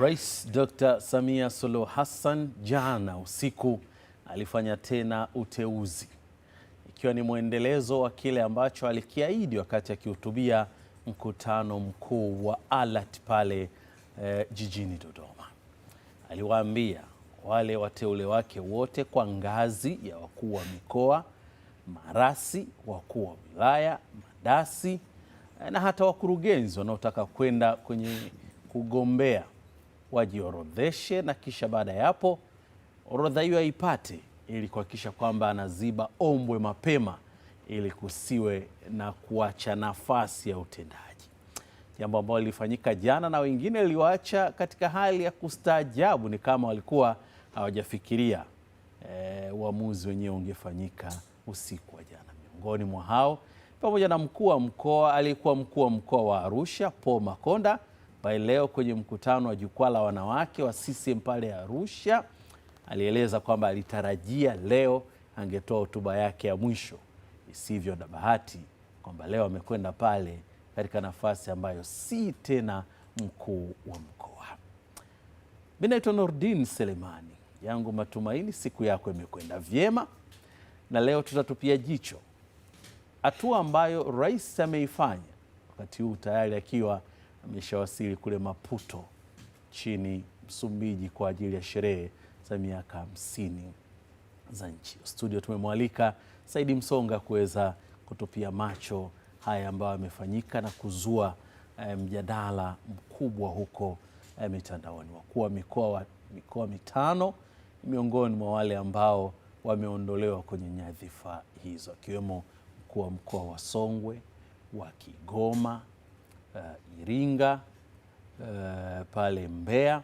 Rais Dr. Samia Suluhu Hassan jana usiku alifanya tena uteuzi ikiwa ni mwendelezo wa kile ambacho alikiahidi wakati akihutubia mkutano mkuu wa ALAT pale eh, jijini Dodoma. Aliwaambia wale wateule wake wote kwa ngazi ya wakuu wa mikoa, marasi, wakuu wa wilaya, madasi eh, na hata wakurugenzi wanaotaka kwenda kwenye kugombea wajiorodheshe, na kisha baada ya hapo orodha hiyo aipate, ili kuhakikisha kwamba anaziba ombwe mapema, ili kusiwe na kuacha nafasi ya utendaji, jambo ambalo lilifanyika jana na wengine liliwaacha katika hali ya kustaajabu. Ni kama walikuwa hawajafikiria e, uamuzi wenyewe ungefanyika usiku wa jana. Miongoni mwa hao pamoja na mkuu wa mkoa aliyekuwa mkuu wa mkoa wa Arusha Paul Makonda ambaye leo kwenye mkutano wa jukwaa la wanawake wa CCM pale Arusha alieleza kwamba alitarajia leo angetoa hotuba yake ya mwisho. Isivyo na bahati kwamba leo amekwenda pale katika nafasi ambayo si tena mkuu wa mkoa. Mimi naitwa Nordin Selemani, yangu matumaini siku yako imekwenda vyema, na leo tutatupia jicho hatua ambayo rais ameifanya wakati huu tayari akiwa ameshawasili kule Maputo chini Msumbiji kwa ajili ya sherehe za miaka hamsini za nchi. Studio tumemwalika Saidi Msonga kuweza kutupia macho haya ambayo yamefanyika na kuzua eh, mjadala mkubwa huko eh, mitandaoni. Wakuu wa mikoa mikoa mitano miongoni mwa wale ambao wameondolewa kwenye nyadhifa hizo, akiwemo mkuu wa mkoa wa Songwe wa Kigoma uh, Iringa uh, pale Mbeya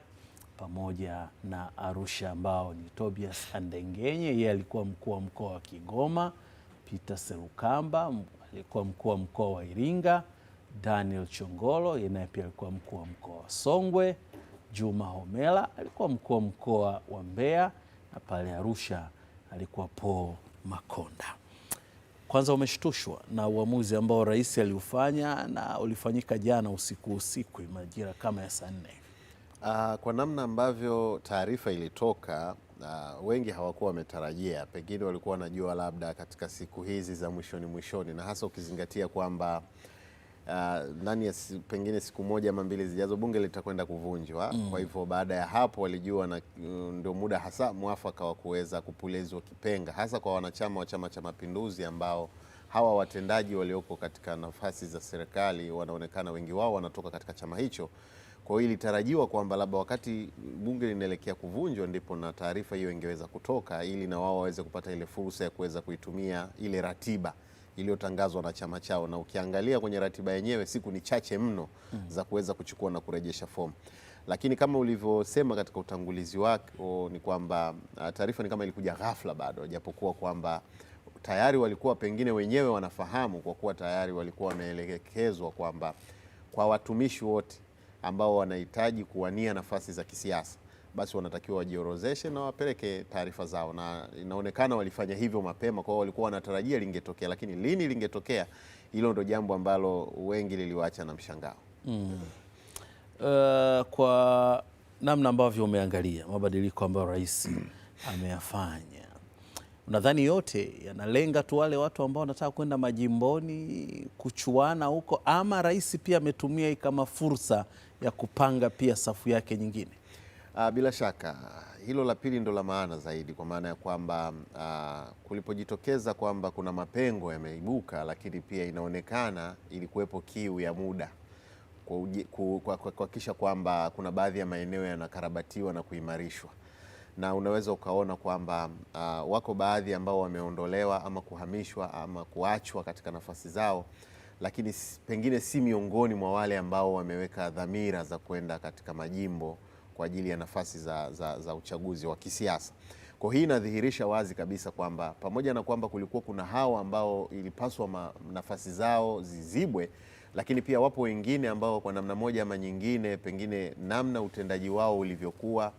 pamoja na Arusha ambao ni Tobias Andengenye, yeye alikuwa mkuu wa mkoa wa Kigoma, Peter Serukamba alikuwa mkuu wa mkoa wa Iringa, Daniel Chongolo yeye naye pia alikuwa mkuu wa mkoa wa Songwe, Juma Homela alikuwa mkuu wa mkoa wa Mbeya na pale Arusha alikuwa Paul Makonda kwanza wameshtushwa na uamuzi ambao rais aliufanya na ulifanyika jana usiku usiku majira kama ya saa nne. Uh, kwa namna ambavyo taarifa ilitoka uh, wengi hawakuwa wametarajia, pengine walikuwa wanajua labda katika siku hizi za mwishoni mwishoni, na hasa ukizingatia kwamba uh, ndani ya pengine siku moja ama mbili zijazo bunge litakwenda kuvunjwa mm. Kwa hivyo baada ya hapo walijua na uh, ndio muda hasa mwafaka wa kuweza kupulezwa kipenga, hasa kwa wanachama wa Chama cha Mapinduzi ambao hawa watendaji walioko katika nafasi za serikali wanaonekana wengi wao wanatoka katika chama hicho. Kwa hiyo ilitarajiwa kwamba labda wakati bunge linaelekea kuvunjwa ndipo na taarifa hiyo ingeweza kutoka ili na wao waweze kupata ile fursa ya kuweza kuitumia ile ratiba iliyotangazwa na chama chao, na ukiangalia kwenye ratiba yenyewe siku ni chache mno mm -hmm. za kuweza kuchukua na kurejesha fomu, lakini kama ulivyosema katika utangulizi wako ni kwamba taarifa ni kama ilikuja ghafla bado, japokuwa kwamba tayari walikuwa pengine wenyewe wanafahamu, kwa kuwa tayari walikuwa wameelekezwa kwamba kwa watumishi wote ambao wanahitaji kuwania nafasi za kisiasa basi wanatakiwa wajiorozeshe na wapeleke taarifa zao, na inaonekana walifanya hivyo mapema. Kwa hiyo walikuwa wanatarajia lingetokea, lakini lini lingetokea, hilo ndo jambo ambalo wengi liliwaacha na mshangao mm. Uh, kwa namna ambavyo umeangalia mabadiliko ambayo rais ameyafanya unadhani yote yanalenga tu wale watu ambao wanataka kwenda majimboni kuchuana huko, ama rais pia ametumia hii kama fursa ya kupanga pia safu yake nyingine? Uh, bila shaka hilo la pili ndo la maana zaidi, kwa maana ya kwamba uh, kulipojitokeza kwamba kuna mapengo yameibuka, lakini pia inaonekana ilikuwepo kiu ya muda kuhakikisha kwamba kuna baadhi ya maeneo yanakarabatiwa na kuimarishwa, na unaweza ukaona kwamba uh, wako baadhi ambao wameondolewa ama kuhamishwa ama kuachwa katika nafasi zao lakini pengine si miongoni mwa wale ambao wameweka dhamira za kwenda katika majimbo kwa ajili ya nafasi za, za, za uchaguzi wa kisiasa. Kwa hii inadhihirisha wazi kabisa kwamba pamoja na kwamba kulikuwa kuna hawa ambao ilipaswa nafasi zao zizibwe, lakini pia wapo wengine ambao kwa namna moja ama nyingine, pengine namna utendaji wao ulivyokuwa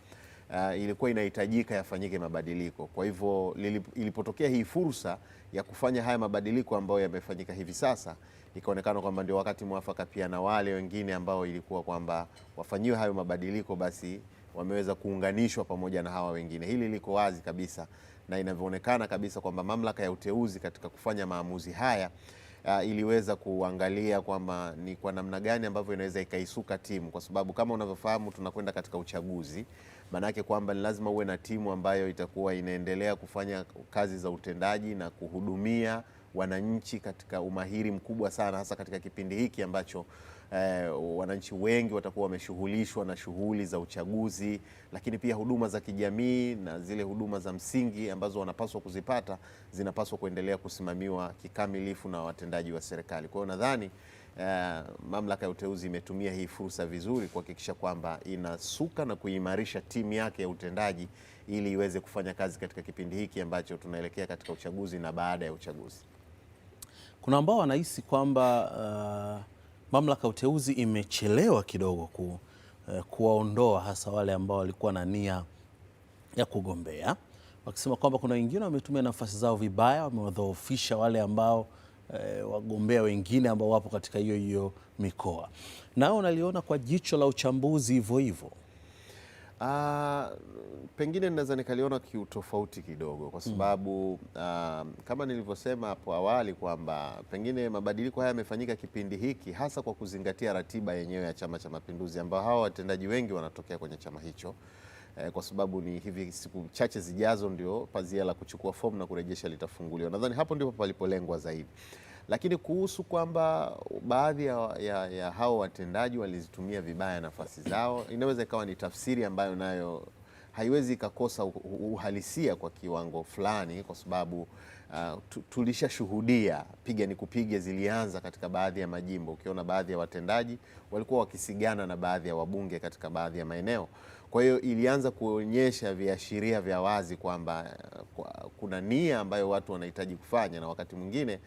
uh, ilikuwa inahitajika yafanyike mabadiliko. Kwa hivyo ilipotokea hii fursa ya kufanya haya mabadiliko ambayo yamefanyika hivi sasa, ikaonekana kwamba ndio wakati mwafaka pia na wale wengine ambao ilikuwa kwamba wafanyiwe hayo mabadiliko, basi wameweza kuunganishwa pamoja na hawa wengine. Hili liko wazi kabisa na inavyoonekana kabisa kwamba mamlaka ya uteuzi katika kufanya maamuzi haya Uh, iliweza kuangalia kwamba ni kwa namna gani ambavyo inaweza ikaisuka timu, kwa sababu kama unavyofahamu tunakwenda katika uchaguzi maanake kwamba ni lazima uwe na timu ambayo itakuwa inaendelea kufanya kazi za utendaji na kuhudumia wananchi katika umahiri mkubwa sana, hasa katika kipindi hiki ambacho eh, wananchi wengi watakuwa wameshughulishwa na shughuli za uchaguzi, lakini pia huduma za kijamii na zile huduma za msingi ambazo wanapaswa kuzipata zinapaswa kuendelea kusimamiwa kikamilifu na watendaji wa serikali. Kwa hiyo nadhani uh, mamlaka ya uteuzi imetumia hii fursa vizuri kuhakikisha kwamba inasuka na kuimarisha timu yake ya utendaji ili iweze kufanya kazi katika kipindi hiki ambacho tunaelekea katika uchaguzi na baada ya uchaguzi. Kuna ambao wanahisi kwamba uh, mamlaka ya uteuzi imechelewa kidogo ku, uh, kuwaondoa hasa wale ambao walikuwa na nia ya kugombea, wakisema kwamba kuna wengine wametumia nafasi zao vibaya, wamewadhoofisha wale ambao eh, wagombea wengine ambao wapo katika hiyo hiyo mikoa, nao naliona kwa jicho la uchambuzi hivyo hivyo. Uh, pengine naweza nikaliona kiutofauti kidogo kwa hmm. sababu uh, kama nilivyosema hapo awali kwamba pengine mabadiliko haya yamefanyika kipindi hiki hasa kwa kuzingatia ratiba yenyewe ya Chama cha Mapinduzi, ambao hawa watendaji wengi wanatokea kwenye chama hicho eh, kwa sababu ni hivi siku chache zijazo ndio pazia la kuchukua fomu na kurejesha litafunguliwa. Nadhani hapo ndipo palipolengwa zaidi, lakini kuhusu kwamba baadhi ya, ya, ya hao watendaji walizitumia vibaya nafasi zao, inaweza ikawa ni tafsiri ambayo nayo haiwezi ikakosa uhalisia kwa kiwango fulani, kwa sababu uh, tulishashuhudia piga ni kupiga zilianza katika baadhi ya majimbo, ukiona baadhi ya watendaji walikuwa wakisigana na baadhi ya wabunge katika baadhi ya maeneo. Kwa hiyo ilianza kuonyesha viashiria vya wazi kwamba kwa, kuna nia ambayo watu wanahitaji kufanya, na wakati mwingine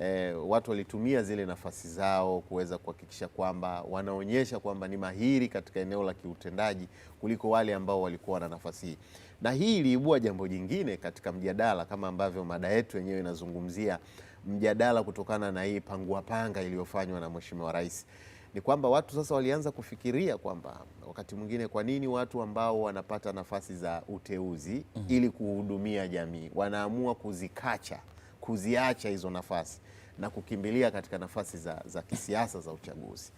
eh, watu walitumia zile nafasi zao kuweza kuhakikisha kwamba wanaonyesha kwamba ni mahiri katika eneo la kiutendaji kuliko wale ambao walikuwa na nafasi hii, na hii iliibua jambo jingine katika mjadala, kama ambavyo mada yetu yenyewe inazungumzia mjadala kutokana na hii panguapanga iliyofanywa na Mheshimiwa Rais ni kwamba watu sasa walianza kufikiria kwamba wakati mwingine, kwa nini watu ambao wanapata nafasi za uteuzi mm -hmm. ili kuhudumia jamii wanaamua kuzikacha kuziacha hizo nafasi na kukimbilia katika nafasi za, za kisiasa za uchaguzi.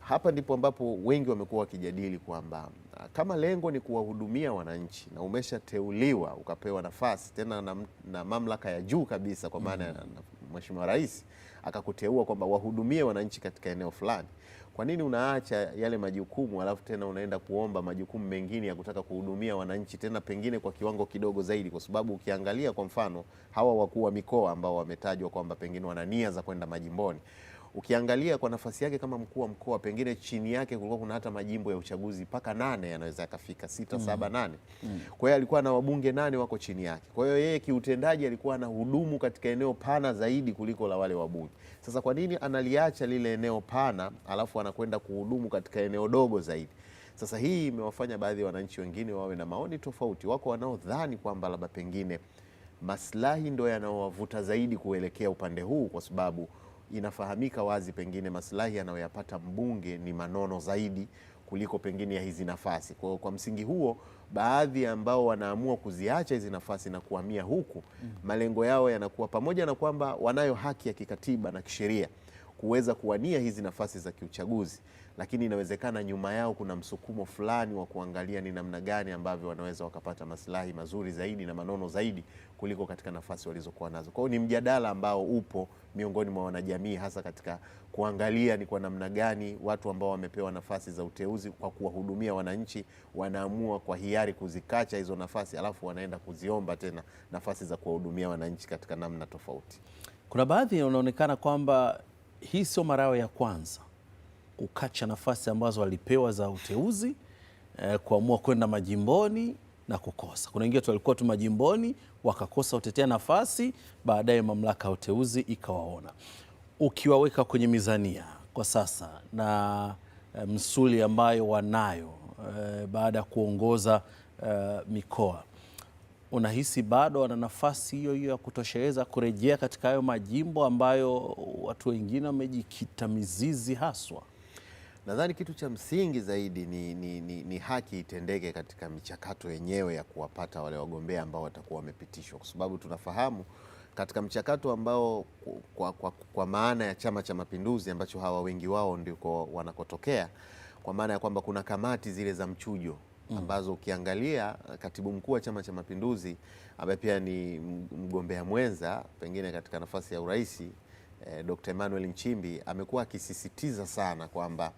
Hapa ndipo ambapo wengi wamekuwa wakijadili kwamba kama lengo ni kuwahudumia wananchi na umeshateuliwa ukapewa nafasi tena na, na mamlaka ya juu kabisa kwa maana ya mm -hmm. Mheshimiwa Rais akakuteua kwamba wahudumie wananchi katika eneo fulani, kwa nini unaacha yale majukumu alafu tena unaenda kuomba majukumu mengine ya kutaka kuhudumia wananchi tena pengine kwa kiwango kidogo zaidi? Kwa sababu ukiangalia kwa mfano hawa wakuu wa mikoa ambao wametajwa kwamba pengine wana nia za kwenda majimboni ukiangalia kwa nafasi yake kama mkuu wa mkoa, pengine chini yake kulikuwa kuna hata majimbo ya uchaguzi mpaka nane yanaweza yakafika sita, mm. saba, nane mm. kwa hiyo alikuwa na wabunge nane wako chini yake. Kwa hiyo yeye kiutendaji alikuwa hudumu katika eneo pana zaidi kuliko la wale wabunge. Sasa kwa nini analiacha lile eneo pana alafu anakwenda kuhudumu katika eneo dogo zaidi? Sasa hii imewafanya baadhi ya wananchi wengine wawe na maoni tofauti. Wako wanaodhani kwamba labda pengine maslahi ndo yanaowavuta zaidi kuelekea upande huu kwa sababu inafahamika wazi pengine maslahi anayoyapata mbunge ni manono zaidi kuliko pengine ya hizi nafasi. Kwa, kwa msingi huo baadhi ambao wanaamua kuziacha hizi nafasi na kuhamia huku, mm. malengo yao yanakuwa pamoja na kwamba wanayo haki ya kikatiba na kisheria kuweza kuwania hizi nafasi za kiuchaguzi, lakini inawezekana nyuma yao kuna msukumo fulani wa kuangalia ni namna gani ambavyo wanaweza wakapata maslahi mazuri zaidi na manono zaidi kuliko katika nafasi walizokuwa nazo. Kwa hiyo ni mjadala ambao upo miongoni mwa wanajamii, hasa katika kuangalia ni kwa namna gani watu ambao wamepewa nafasi za uteuzi kwa kuwahudumia wananchi wanaamua kwa hiari kuzikacha hizo nafasi, alafu wanaenda kuziomba tena nafasi za kuwahudumia wananchi katika namna tofauti. Kuna baadhi wanaonekana kwamba hii sio mara yao ya kwanza kukacha nafasi ambazo walipewa za uteuzi eh, kuamua kwenda majimboni na kukosa. Kuna wengine walikuwa tu majimboni wakakosa utetea nafasi, baadaye mamlaka ya uteuzi ikawaona. Ukiwaweka kwenye mizania kwa sasa na eh, msuli ambayo wanayo eh, baada ya kuongoza eh, mikoa unahisi bado wana nafasi hiyo hiyo ya kutosheleza kurejea katika hayo majimbo ambayo watu wengine wamejikita mizizi haswa? Nadhani kitu cha msingi zaidi ni, ni, ni, ni haki itendeke katika michakato yenyewe ya kuwapata wale wagombea ambao watakuwa wamepitishwa, kwa sababu tunafahamu katika mchakato ambao kwa, kwa, kwa maana ya Chama cha Mapinduzi ambacho hawa wengi wao ndiko wanakotokea, kwa maana ya kwamba kuna kamati zile za mchujo mm. ambazo ukiangalia eh, katibu mkuu wa Chama cha Mapinduzi ambaye pia ni mgombea mwenza pengine katika nafasi ya urais eh, Dr. Emmanuel Nchimbi amekuwa akisisitiza sana kwamba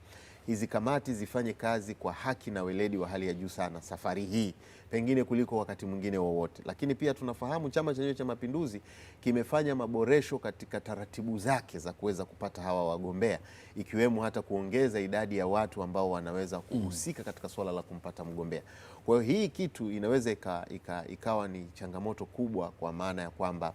hizi kamati zifanye kazi kwa haki na weledi wa hali ya juu sana safari hii pengine kuliko wakati mwingine wowote wa. Lakini pia tunafahamu Chama chenyewe cha Mapinduzi kimefanya maboresho katika taratibu zake za kuweza kupata hawa wagombea, ikiwemo hata kuongeza idadi ya watu ambao wanaweza mm. kuhusika katika swala la kumpata mgombea. Kwa hiyo hii kitu inaweza ika, ika, ikawa ni changamoto kubwa kwa maana ya kwamba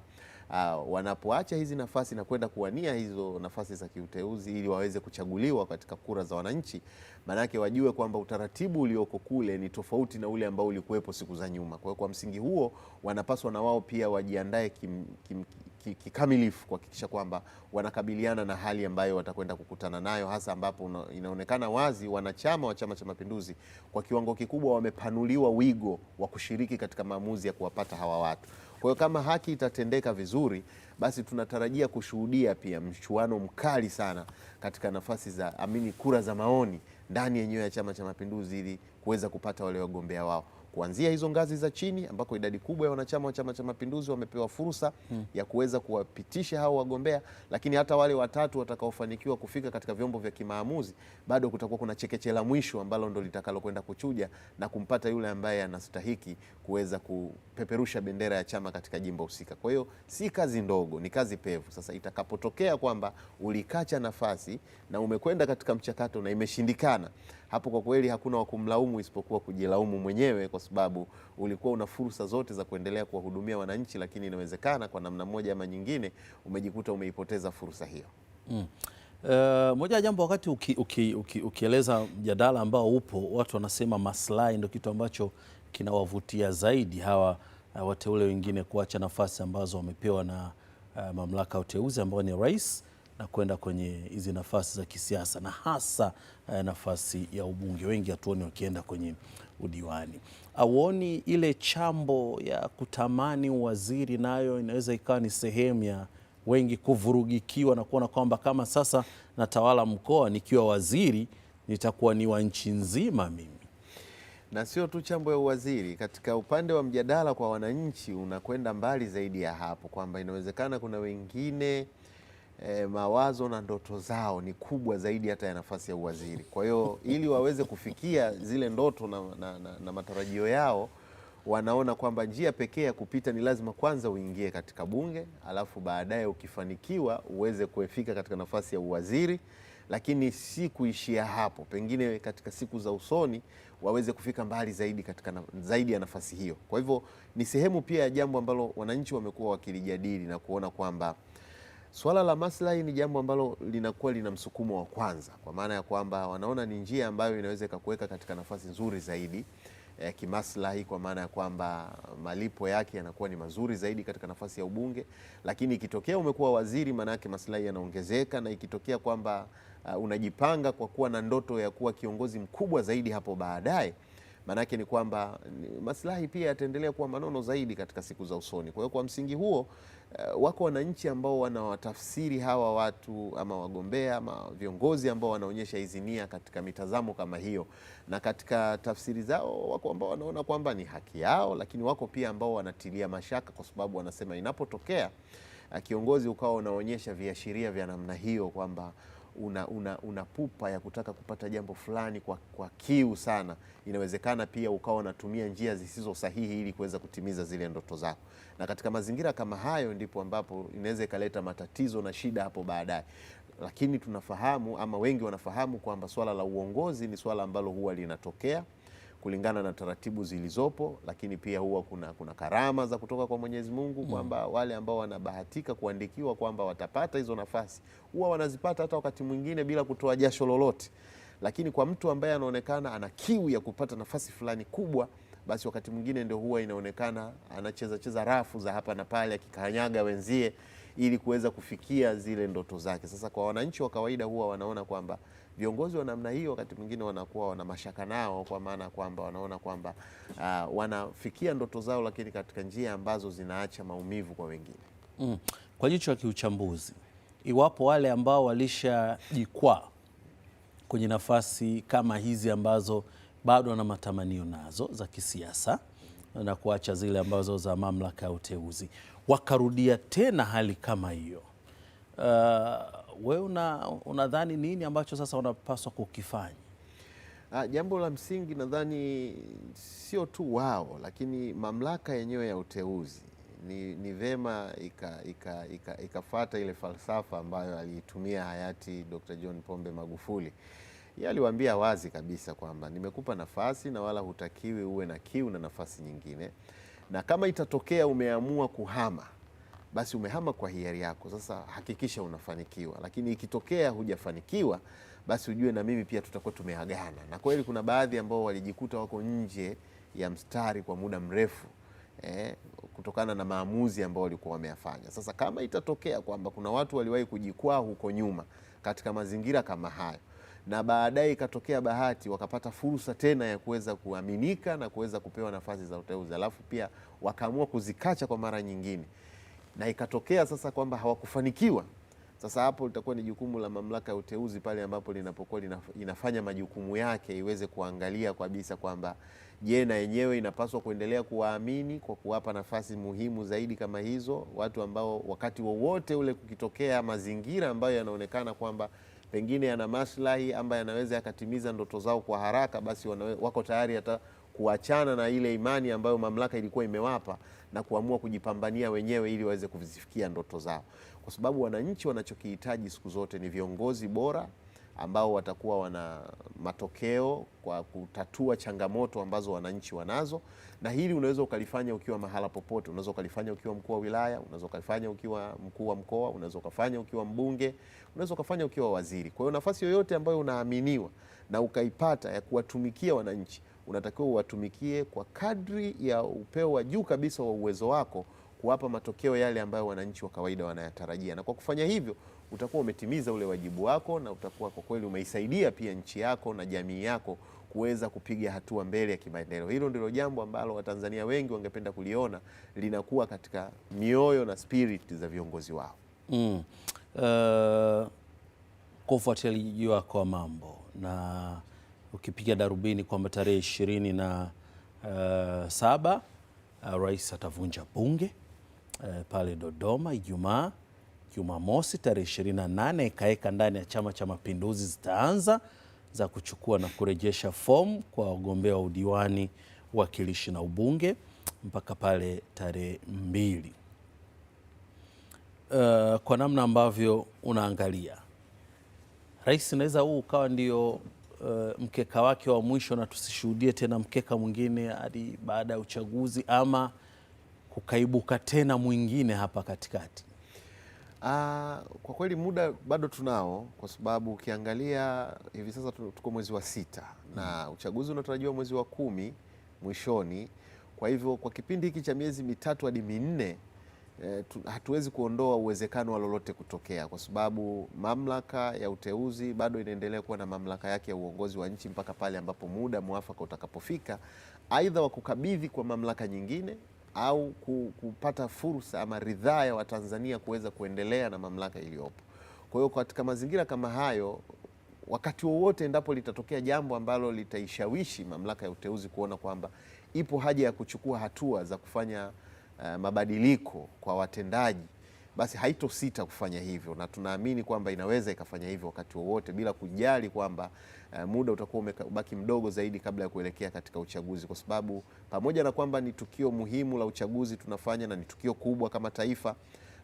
uh, wanapoacha hizi nafasi na kwenda kuwania hizo nafasi za kiuteuzi ili waweze kuchaguliwa katika kura za wananchi, maanake wajue kwamba utaratibu ulioko kule ni tofauti na ule ambao ulikuwepo siku za nyuma. Kwa hiyo kwa msingi huo wanapaswa na wao pia wajiandae kim, kim, kikamilifu kuhakikisha kwamba wanakabiliana na hali ambayo watakwenda kukutana nayo, hasa ambapo inaonekana wazi wanachama wa Chama cha Mapinduzi kwa kiwango kikubwa wamepanuliwa wigo wa kushiriki katika maamuzi ya kuwapata hawa watu. Kwa hiyo kama haki itatendeka vizuri, basi tunatarajia kushuhudia pia mchuano mkali sana katika nafasi za amini, kura za maoni ndani yenyewe ya Chama cha Mapinduzi ili kuweza kupata wale wagombea wao kuanzia hizo ngazi za chini ambako idadi kubwa ya wanachama wa Chama cha Mapinduzi wamepewa fursa hmm, ya kuweza kuwapitisha hao wagombea, lakini hata wale watatu watakaofanikiwa kufika katika vyombo vya kimaamuzi, bado kutakuwa kuna chekeche la mwisho ambalo ndo litakalo kwenda kuchuja na kumpata yule ambaye anastahiki kuweza kupeperusha bendera ya chama katika jimbo husika. Kwa hiyo si kazi ndogo, ni kazi pevu. Sasa itakapotokea kwamba ulikacha nafasi na umekwenda katika mchakato na imeshindikana hapo kwa kweli hakuna wa kumlaumu isipokuwa kujilaumu mwenyewe, kwa sababu ulikuwa una fursa zote za kuendelea kuwahudumia wananchi, lakini inawezekana kwa namna moja ama nyingine umejikuta umeipoteza fursa hiyo. Mm. Uh, moja ya jambo wakati ukieleza uki, uki, uki mjadala ambao upo, watu wanasema maslahi ndio kitu ambacho kinawavutia zaidi hawa uh, wateule wengine kuacha nafasi ambazo wamepewa na uh, mamlaka ya uteuzi ambao ni rais na kwenda kwenye hizi nafasi za kisiasa na hasa eh, nafasi ya ubunge. Wengi hatuoni wakienda kwenye udiwani. Auoni ile chambo ya kutamani uwaziri nayo inaweza ikawa ni sehemu ya wengi kuvurugikiwa na kuona kwamba kama sasa natawala mkoa, nikiwa waziri nitakuwa ni wa nchi nzima mimi na sio tu chambo ya uwaziri. Katika upande wa mjadala kwa wananchi unakwenda mbali zaidi ya hapo, kwamba inawezekana kuna wengine e, mawazo na ndoto zao ni kubwa zaidi hata ya nafasi ya uwaziri. Kwa hiyo ili waweze kufikia zile ndoto na, na, na, na matarajio yao wanaona kwamba njia pekee ya kupita ni lazima kwanza uingie katika bunge, alafu baadaye ukifanikiwa uweze kufika katika nafasi ya uwaziri, lakini si kuishia hapo, pengine katika siku za usoni waweze kufika mbali zaidi katika na, zaidi ya nafasi hiyo. Kwa hivyo ni sehemu pia ya jambo ambalo wananchi wamekuwa wakilijadili na kuona kwamba Swala la maslahi ni jambo ambalo linakuwa lina msukumo wa kwanza, kwa maana ya kwamba wanaona ni njia ambayo inaweza ikakuweka katika nafasi nzuri zaidi eh, kimaslahi, kwa maana ya kwamba malipo yake yanakuwa ni mazuri zaidi katika nafasi ya ubunge, lakini ikitokea umekuwa waziri, maana yake maslahi yanaongezeka, na ikitokea kwamba uh, unajipanga kwa kuwa na ndoto ya kuwa kiongozi mkubwa zaidi hapo baadaye maanake ni kwamba maslahi pia yataendelea kuwa manono zaidi katika siku za usoni. Kwa hiyo kwa msingi huo, uh, wako wananchi ambao wanawatafsiri hawa watu ama wagombea ama viongozi ambao wanaonyesha hizi nia katika mitazamo kama hiyo, na katika tafsiri zao wako ambao wanaona kwamba ni haki yao, lakini wako pia ambao wanatilia mashaka, kwa sababu wanasema inapotokea eh, kiongozi ukawa unaonyesha viashiria vya namna hiyo kwamba una, una, una pupa ya kutaka kupata jambo fulani kwa, kwa kiu sana, inawezekana pia ukawa unatumia njia zisizo sahihi ili kuweza kutimiza zile ndoto zako, na katika mazingira kama hayo ndipo ambapo inaweza ikaleta matatizo na shida hapo baadaye. Lakini tunafahamu ama wengi wanafahamu kwamba swala la uongozi ni swala ambalo huwa linatokea kulingana na taratibu zilizopo, lakini pia huwa kuna, kuna karama za kutoka kwa Mwenyezi Mungu mm. kwamba wale ambao wanabahatika kuandikiwa kwamba watapata hizo nafasi huwa wanazipata hata wakati mwingine bila kutoa jasho lolote. Lakini kwa mtu ambaye anaonekana ana kiu ya kupata nafasi fulani kubwa, basi wakati mwingine ndio huwa inaonekana anacheza cheza rafu za hapa na pale, akikanyaga wenzie ili kuweza kufikia zile ndoto zake. Sasa kwa wananchi wa kawaida huwa wanaona kwamba viongozi wa namna hiyo wakati mwingine wanakuwa wana mashaka nao, kwa maana kwamba wanaona kwamba uh, wanafikia ndoto zao, lakini katika njia ambazo zinaacha maumivu kwa wengine mm. Kwa jicho la kiuchambuzi, iwapo wale ambao walishajikwaa kwenye nafasi kama hizi ambazo bado wana matamanio nazo za kisiasa na kuacha zile ambazo za mamlaka ya uteuzi wakarudia tena hali kama hiyo uh, wewe una unadhani nini ambacho sasa unapaswa kukifanya? Uh, jambo la msingi nadhani sio tu wao, lakini mamlaka yenyewe ya uteuzi ni, ni vema ikafata ika, ika, ika ile falsafa ambayo aliitumia hayati Dr. John Pombe Magufuli. Ye aliwaambia wazi kabisa kwamba nimekupa nafasi na wala hutakiwi uwe na kiu na nafasi nyingine, na kama itatokea umeamua kuhama basi umehama kwa hiari yako. Sasa hakikisha unafanikiwa, lakini ikitokea hujafanikiwa, basi ujue na mimi pia tutakuwa tumeagana. Na kweli kuna baadhi ambao walijikuta wako nje ya mstari kwa muda mrefu eh, kutokana na maamuzi ambao walikuwa wameyafanya. Sasa kama itatokea kwamba kuna watu waliwahi kujikwaa huko nyuma katika mazingira kama hayo na baadaye ikatokea bahati wakapata fursa tena ya kuweza kuaminika na kuweza kupewa nafasi za uteuzi, alafu pia wakaamua kuzikacha kwa mara nyingine na ikatokea sasa kwamba hawakufanikiwa, sasa hapo litakuwa ni jukumu la mamlaka ya uteuzi pale ambapo linapokuwa inafanya majukumu yake iweze kuangalia kabisa kwamba je, na yenyewe inapaswa kuendelea kuwaamini kwa kuwapa nafasi muhimu zaidi kama hizo, watu ambao wakati wowote ule kukitokea mazingira ambayo yanaonekana kwamba pengine yana maslahi ambayo yanaweza yakatimiza ndoto zao kwa haraka, basi wako tayari hata kuachana na ile imani ambayo mamlaka ilikuwa imewapa na kuamua kujipambania wenyewe ili waweze kuzifikia ndoto zao, kwa sababu wananchi wanachokihitaji siku zote ni viongozi bora ambao watakuwa wana matokeo kwa kutatua changamoto ambazo wananchi wanazo, na hili unaweza ukalifanya ukiwa mahala popote. Unaweza ukalifanya ukiwa mkuu wa wilaya, unaweza ukalifanya ukiwa mkuu wa mkoa, unaweza ukafanya ukiwa mbunge, unaweza ukafanya ukiwa waziri. Kwa hiyo nafasi yoyote ambayo unaaminiwa na ukaipata ya kuwatumikia wananchi unatakiwa uwatumikie kwa kadri ya upeo wa juu kabisa wa uwezo wako kuwapa matokeo yale ambayo wananchi wa kawaida wanayatarajia, na kwa kufanya hivyo utakuwa umetimiza ule wajibu wako na utakuwa kwa kweli umeisaidia pia nchi yako na jamii yako kuweza kupiga hatua mbele ya kimaendeleo. Hilo ndilo jambo ambalo Watanzania wengi wangependa kuliona linakuwa katika mioyo na spirit za viongozi wao. Mm. Uh, kwa ufuatiliaji wako wa mambo na ukipiga darubini kwamba tarehe ishirini na uh, saba uh, rais atavunja bunge uh, pale Dodoma Ijumaa Jumamosi tarehe ishirini na nane ikaeka ndani ya Chama cha Mapinduzi zitaanza za kuchukua na kurejesha fomu kwa wagombea wa udiwani, uwakilishi na ubunge mpaka pale tarehe mbili. Uh, kwa namna ambavyo unaangalia rais, naweza huu ukawa ndio uh, mkeka wake wa mwisho na tusishuhudie tena mkeka mwingine hadi baada ya uchaguzi ama kukaibuka tena mwingine hapa katikati? Aa, ah, kwa kweli muda bado tunao, kwa sababu ukiangalia hivi sasa tuko mwezi wa sita na uchaguzi unatarajiwa mwezi wa kumi mwishoni. Kwa hivyo kwa kipindi hiki cha miezi mitatu hadi minne Eh, hatuwezi kuondoa uwezekano wa lolote kutokea kwa sababu mamlaka ya uteuzi bado inaendelea kuwa na mamlaka yake ya uongozi wa nchi mpaka pale ambapo muda mwafaka utakapofika, aidha wa kukabidhi kwa mamlaka nyingine au kupata fursa ama ridhaa ya Watanzania kuweza kuendelea na mamlaka iliyopo. Kwa hiyo katika mazingira kama hayo, wakati wowote endapo litatokea jambo ambalo litaishawishi mamlaka ya uteuzi kuona kwamba ipo haja ya kuchukua hatua za kufanya Eh, mabadiliko kwa watendaji, basi haitosita kufanya hivyo, na tunaamini kwamba inaweza ikafanya hivyo wakati wowote bila kujali kwamba uh, muda utakuwa umebaki mdogo zaidi kabla ya kuelekea katika uchaguzi, kwa sababu pamoja na kwamba ni tukio muhimu la uchaguzi tunafanya na ni tukio kubwa kama taifa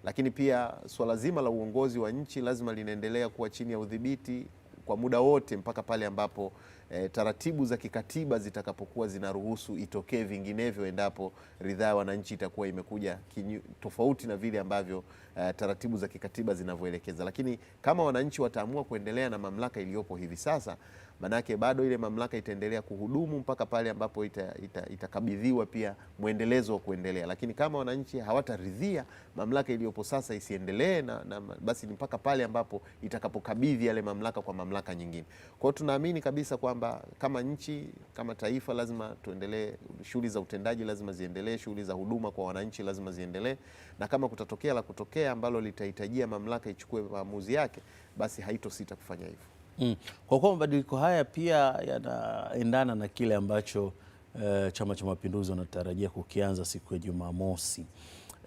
lakini pia suala zima la uongozi wa nchi lazima linaendelea kuwa chini ya udhibiti kwa muda wote mpaka pale ambapo e, taratibu za kikatiba zitakapokuwa zinaruhusu itokee, vinginevyo endapo ridhaa ya wananchi itakuwa imekuja kinyu, tofauti na vile ambavyo e, taratibu za kikatiba zinavyoelekeza. Lakini kama wananchi wataamua kuendelea na mamlaka iliyopo hivi sasa manake bado ile mamlaka itaendelea kuhudumu mpaka pale ambapo itakabidhiwa ita, ita pia mwendelezo wa kuendelea. Lakini kama wananchi hawataridhia mamlaka iliyopo sasa isiendelee na, na, basi ni mpaka pale ambapo itakapokabidhi yale mamlaka kwa mamlaka nyingine. Kwa hiyo tunaamini kabisa kwamba kama nchi kama taifa lazima tuendelee, shughuli za utendaji lazima ziendelee, shughuli za huduma kwa wananchi lazima ziendelee, na kama kutatokea la kutokea ambalo litahitajia mamlaka ichukue maamuzi yake, basi haitosita kufanya hivyo. Mm. Kwa kuwa mabadiliko haya pia yanaendana na kile ambacho uh, Chama cha Mapinduzi wanatarajia kukianza siku ya Jumamosi.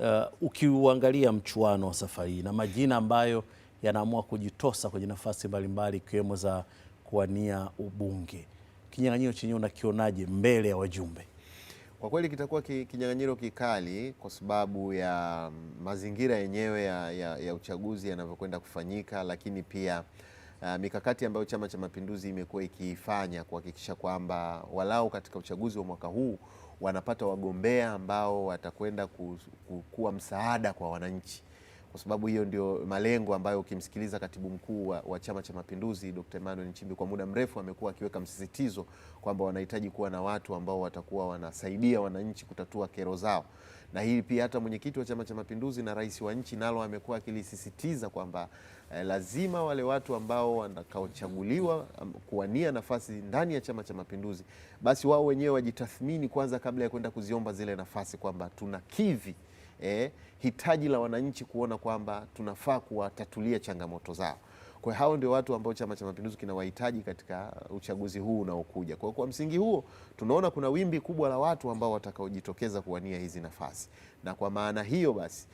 Uh, ukiuangalia mchuano wa safari hii na majina ambayo yanaamua kujitosa kwenye nafasi mbalimbali ikiwemo za kuwania ubunge, kinyang'anyiro chenyewe unakionaje mbele ya wajumbe? Kwa kweli kitakuwa kinyang'anyiro kikali kwa sababu ya mm, mazingira yenyewe ya, ya, ya uchaguzi yanavyokwenda kufanyika, lakini pia uh, mikakati ambayo Chama cha Mapinduzi imekuwa ikiifanya kuhakikisha kwamba walau katika uchaguzi wa mwaka huu wanapata wagombea ambao watakwenda kuwa msaada kwa wananchi kwa sababu hiyo ndio malengo ambayo ukimsikiliza katibu mkuu wa, wa Chama cha Mapinduzi Dr. Emmanuel Nchimbi kwa muda mrefu amekuwa akiweka msisitizo kwamba wanahitaji kuwa na watu ambao watakuwa wanasaidia wananchi kutatua kero zao, na hili pia hata mwenyekiti wa Chama cha Mapinduzi na rais wa nchi nalo amekuwa akilisisitiza kwamba eh, lazima wale watu ambao watakaochaguliwa kuwania nafasi ndani ya Chama cha Mapinduzi basi wao wenyewe wajitathmini kwanza kabla ya kwenda kuziomba zile nafasi kwamba tunakidhi eh, hitaji la wananchi kuona kwamba tunafaa kuwatatulia changamoto zao. Kwa hiyo hao ndio watu ambao Chama cha Mapinduzi kinawahitaji katika uchaguzi huu unaokuja. Kwa kwa msingi huo tunaona kuna wimbi kubwa la watu ambao watakaojitokeza kuwania hizi nafasi, na kwa maana hiyo basi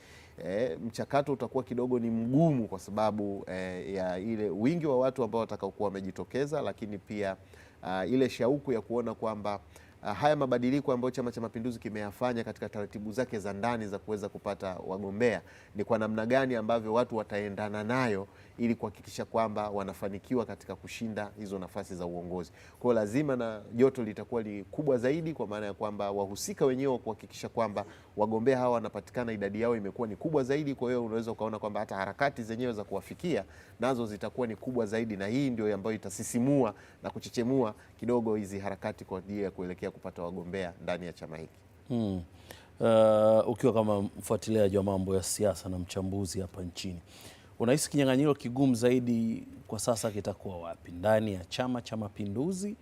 E, mchakato utakuwa kidogo ni mgumu kwa sababu e, ya ile wingi wa watu ambao watakaokuwa wamejitokeza, lakini pia a, ah, ile shauku ya kuona kwamba Ah, haya mabadiliko ambayo Chama cha Mapinduzi kimeyafanya katika taratibu zake za ndani za kuweza kupata wagombea ni kwa namna gani ambavyo watu wataendana nayo ili kuhakikisha kwamba wanafanikiwa katika kushinda hizo nafasi za uongozi. Kwa hiyo lazima na joto litakuwa ni kubwa zaidi, kwa maana ya kwamba wahusika wenyewe kuhakikisha kwamba wagombea hawa wanapatikana, idadi yao imekuwa ni kubwa zaidi. Kwa hiyo unaweza ukaona kwamba hata harakati zenyewe za kuwafikia nazo zitakuwa ni kubwa zaidi, na hii ndio ambayo itasisimua na kuchechemua kidogo hizi harakati kwa ajili ya kuelekea kupata wagombea ndani ya chama hiki hmm. Uh, ukiwa kama mfuatiliaji wa mambo ya siasa na mchambuzi hapa nchini, unahisi kinyang'anyiro kigumu zaidi kwa sasa kitakuwa wapi, ndani ya Chama cha Mapinduzi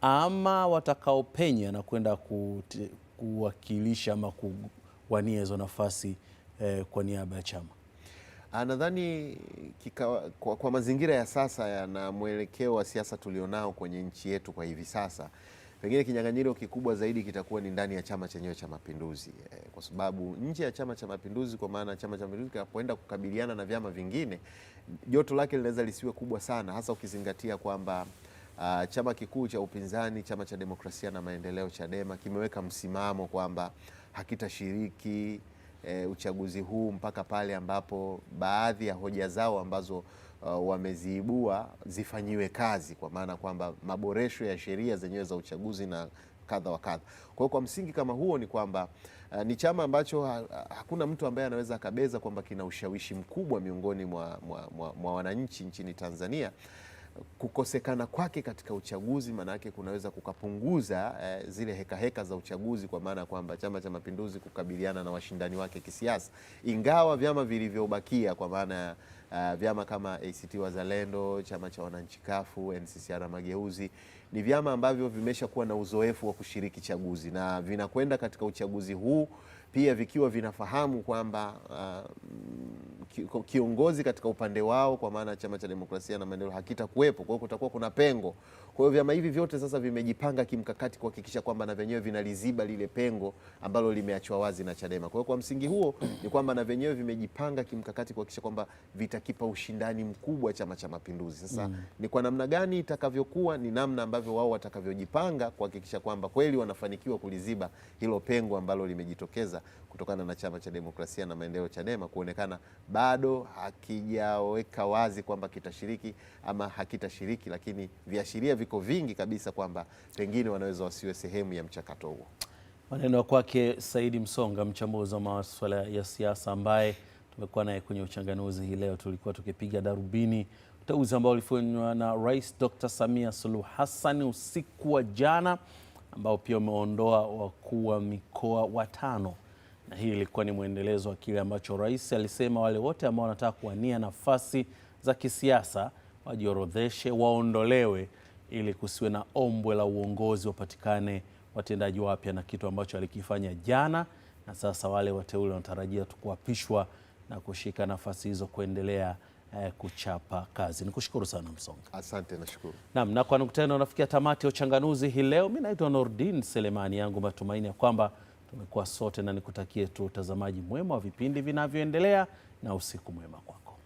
ama watakaopenya na kwenda kuwakilisha ama kuwania hizo nafasi eh, kwa niaba ya chama? Ah, nadhani kwa, kwa mazingira ya sasa na mwelekeo wa siasa tulionao kwenye nchi yetu kwa hivi sasa Pengine kinyang'anyiro kikubwa zaidi kitakuwa ni ndani ya chama chenyewe cha Mapinduzi eh, kwa sababu nje ya chama cha Mapinduzi, kwa maana chama cha Mapinduzi kinapoenda kukabiliana na vyama vingine, joto lake linaweza lisiwe kubwa sana, hasa ukizingatia kwamba uh, chama kikuu cha upinzani, chama cha demokrasia na maendeleo, Chadema, kimeweka msimamo kwamba hakitashiriki eh, uchaguzi huu mpaka pale ambapo baadhi ya hoja zao ambazo uh, wameziibua zifanyiwe kazi, kwa maana kwamba maboresho ya sheria zenyewe za uchaguzi na kadha wa kadha. Kwa hiyo kwa msingi kama huo ni kwamba uh, ni chama ambacho ha, hakuna mtu ambaye anaweza akabeza kwamba kina ushawishi mkubwa miongoni mwa, mwa, mwa, mwa wananchi nchini Tanzania. Kukosekana kwake katika uchaguzi maana yake kunaweza kukapunguza eh, zile hekaheka heka za uchaguzi, kwa maana ya kwamba Chama cha Mapinduzi kukabiliana na washindani wake kisiasa, ingawa vyama vilivyobakia kwa maana ya Uh, vyama kama ACT Wazalendo, chama cha wananchi kafu, NCCR Mageuzi ni vyama ambavyo vimeshakuwa na uzoefu wa kushiriki chaguzi na vinakwenda katika uchaguzi huu pia vikiwa vinafahamu kwamba uh, kiongozi katika upande wao kwa maana chama cha demokrasia na maendeleo hakitakuwepo. Kwa hiyo kutakuwa kuna pengo kwa hiyo vyama hivi vyote sasa vimejipanga kimkakati kuhakikisha kwamba na vyenyewe vinaliziba lile pengo ambalo limeachwa wazi na Chadema. Kwa hiyo kwa msingi huo ni kwamba na vyenyewe vimejipanga kimkakati kuhakikisha kwamba vitakipa ushindani mkubwa Chama cha Mapinduzi. Sasa mm. ni kwa namna gani itakavyokuwa, ni namna ambavyo wao watakavyojipanga kuhakikisha kwamba kweli wanafanikiwa kuliziba hilo pengo ambalo limejitokeza kutokana na Chama cha Demokrasia na Maendeleo Chadema kuonekana bado hakijaweka wazi kwamba kitashiriki ama hakitashiriki, lakini viashiria viko vingi kabisa kwamba pengine wanaweza wasiwe sehemu ya mchakato huo. Maneno kwake Saidi Msonga, mchambuzi wa maswala ya siasa, ambaye tumekuwa naye kwenye uchanganuzi hii leo. Tulikuwa tukipiga darubini uteuzi ambao ulifanywa na Rais Dr. Samia Suluhu Hassan usiku wa jana, ambao pia umeondoa wakuu wa mikoa watano, na hii ilikuwa ni mwendelezo wa kile ambacho rais alisema wale wote ambao wanataka kuwania nafasi za kisiasa wajiorodheshe, waondolewe ili kusiwe na ombwe la uongozi, wapatikane watendaji wapya, na kitu ambacho alikifanya jana, na sasa wale wateule wanatarajia kuapishwa na kushika nafasi hizo kuendelea eh, kuchapa kazi. Nikushukuru sana Msonga. Asante, nashukuru. Naam, na kwa nukta hiyo nafikia tamati ya uchanganuzi hii leo. Mimi naitwa Nordin Selemani, yangu matumaini ya kwamba tumekuwa sote, na nikutakie tu utazamaji mwema wa vipindi vinavyoendelea na usiku mwema kwako.